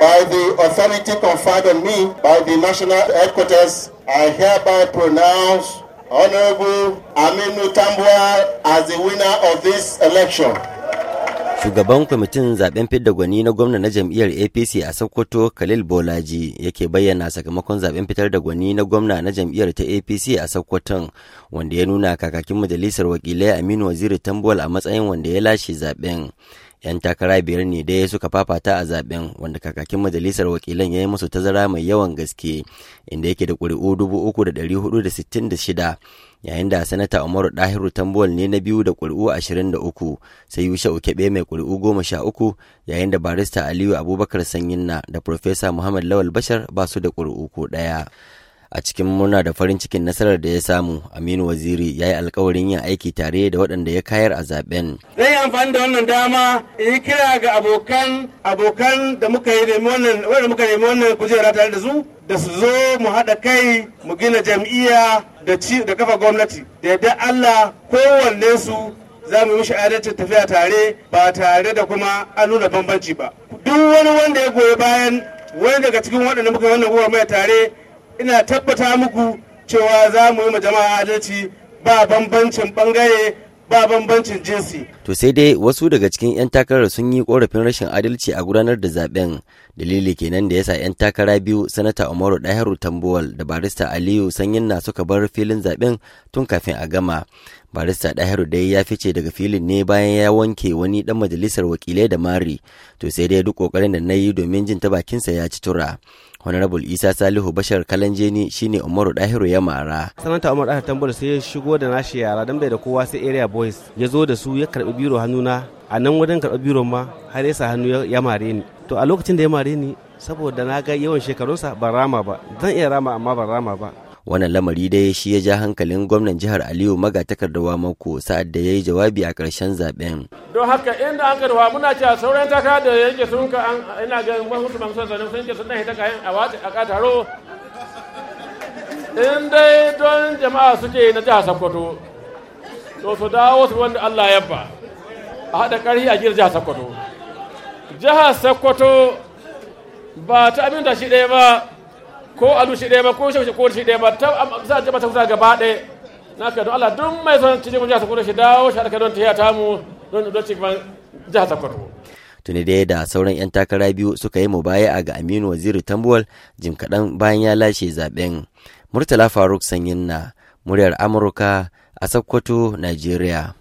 by the authority conferred on me by the national headquarters, I hereby pronounce Honorable Aminu Tambua as the winner of this election. Shugaban kwamitin zaben fidda gwani na gwamna na jam'iyyar APC a Sokoto Khalil Bolaji yake bayyana sakamakon zaben fitar da gwani na gwamna na jam'iyyar ta APC a Sokoton wanda ya nuna kakakin majalisar wakilai Aminu Waziri Tambuwal a matsayin wanda ya lashe zaben. 'yan takara biyar ne dai suka fafata a zaben wanda kakakin majalisar wakilan ya yi musu tazara mai yawan gaske inda yake da ƙuri'u 3,466 yayin da sanata umaru dahiru tambuwal ne na biyu da ƙuri'u 23 sai yusha ukebe mai ƙuri'u 13 yayin da barista aliyu abubakar sanyinna da profesa muhammad lawal bashar ba su da ƙuri'u ko ɗaya a cikin murna da farin cikin nasarar da ya samu aminu waziri ya yi alkawarin yin aiki tare da waɗanda ya kayar a zaben zai amfani da wannan dama yi kira ga abokan abokan da muka yi wannan nemi wannan kujera tare da su da su zo mu haɗa kai mu gina jam'iyya da ci da kafa gwamnati da yadda allah kowanne su za mu yi mishi adalcin tafiya tare ba tare da kuma an nuna bambanci ba duk wani wanda ya goyi bayan wani daga cikin waɗanda muka yi wannan mai tare ina tabbata muku cewa za mu yi ma jama'a adalci ba bambancin bangare ba bambancin jinsi. To sai dai wasu daga cikin 'yan takarar sun yi korafin rashin adalci a gudanar da zaben dalili kenan da yasa 'yan takara biyu sanata Umaru Dahiru Tambuwal da barista Aliyu Sanyin na suka bar filin zaben tun kafin a gama. Barista Dahiru dai ya fice daga filin ne bayan ya wanke wani ɗan majalisar wakilai da mari to sai dai duk kokarin da na yi domin jin ta bakinsa ya ci tura. honorable isa salihu bashar kalanjeni shine umaru dahiru ya mara sanata umar dahiru tambol sai ya shigo da nashi yara dan bai da kowa sai area boys ya zo da su ya karbi biro hannuna a nan wajen karɓi biro ma har ya hannu ya mare ni to a lokacin da ya mare ni saboda na ga yawan shekarunsa ban rama ba zan iya rama amma ban rama ba wannan lamari dai shi ya ja hankalin gwamnan jihar aliyu takardawa mako sa'ad da ya yi jawabi a ƙarshen zaben don haka inda aka dawa muna cewa sauran taka da yake sun ka an ina ga mahutu mamsan sanin sun ke sun hita a wace a taro in dai don jama'a suke na jihar sokoto to su dawo su wanda allah ya ba a haɗa ƙarfi a gina jihar sokoto jihar sokoto ba ta abin da shi ɗaya ba ko a ɗaya ba ko shi ko shi ɗaya ba ta za a ta mata gaba ɗaya ka don Allah don mai son cikin jihar Sokoto shi dawo shi aka don tiya tamu don don cikin jihar Sokoto tuni dai da sauran 'yan takara biyu suka yi mubaya'a ga Aminu Waziri Tambuwal jim kaɗan bayan ya lashe zaɓen Murtala Faruk Sanyin na muryar Amurka a Sokoto, Najeriya.